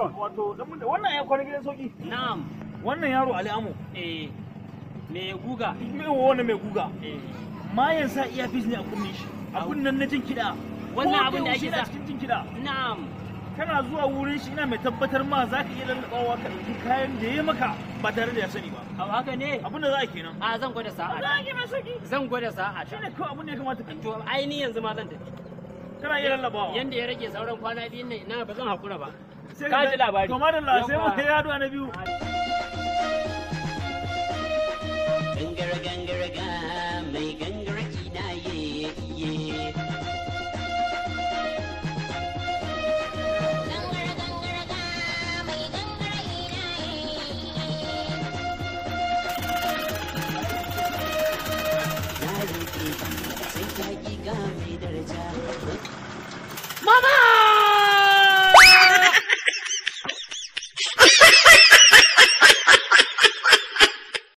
wato wannan ya kwana gidan sauki. Na'am. Wannan yaro Ali Amo. Eh. Me guga? Me wannan guga? Eh. sa iya fis ne a kunnin shi. A nan na jin kiɗa. Wannan abin da ake sa cikin jin kiɗa. Na'am. Kana zuwa wurin shi ina mai tabbatar ma za ka iya lallaɓawa ka ɗauki kayan da ya maka ba tare da ya sani ba. A haka ne? Abin da za a kenan. A zan gwada sa'a. Zan gwada sa'a. Shi ne kawai abin da ya kamata ka. To ainihin yanzu ma zan tafi. kana yi lallaba wa yanda ya rage sauran kwana biyu ne na ba zan hakura ba ka ji labari to madalla sai mu ya na biyu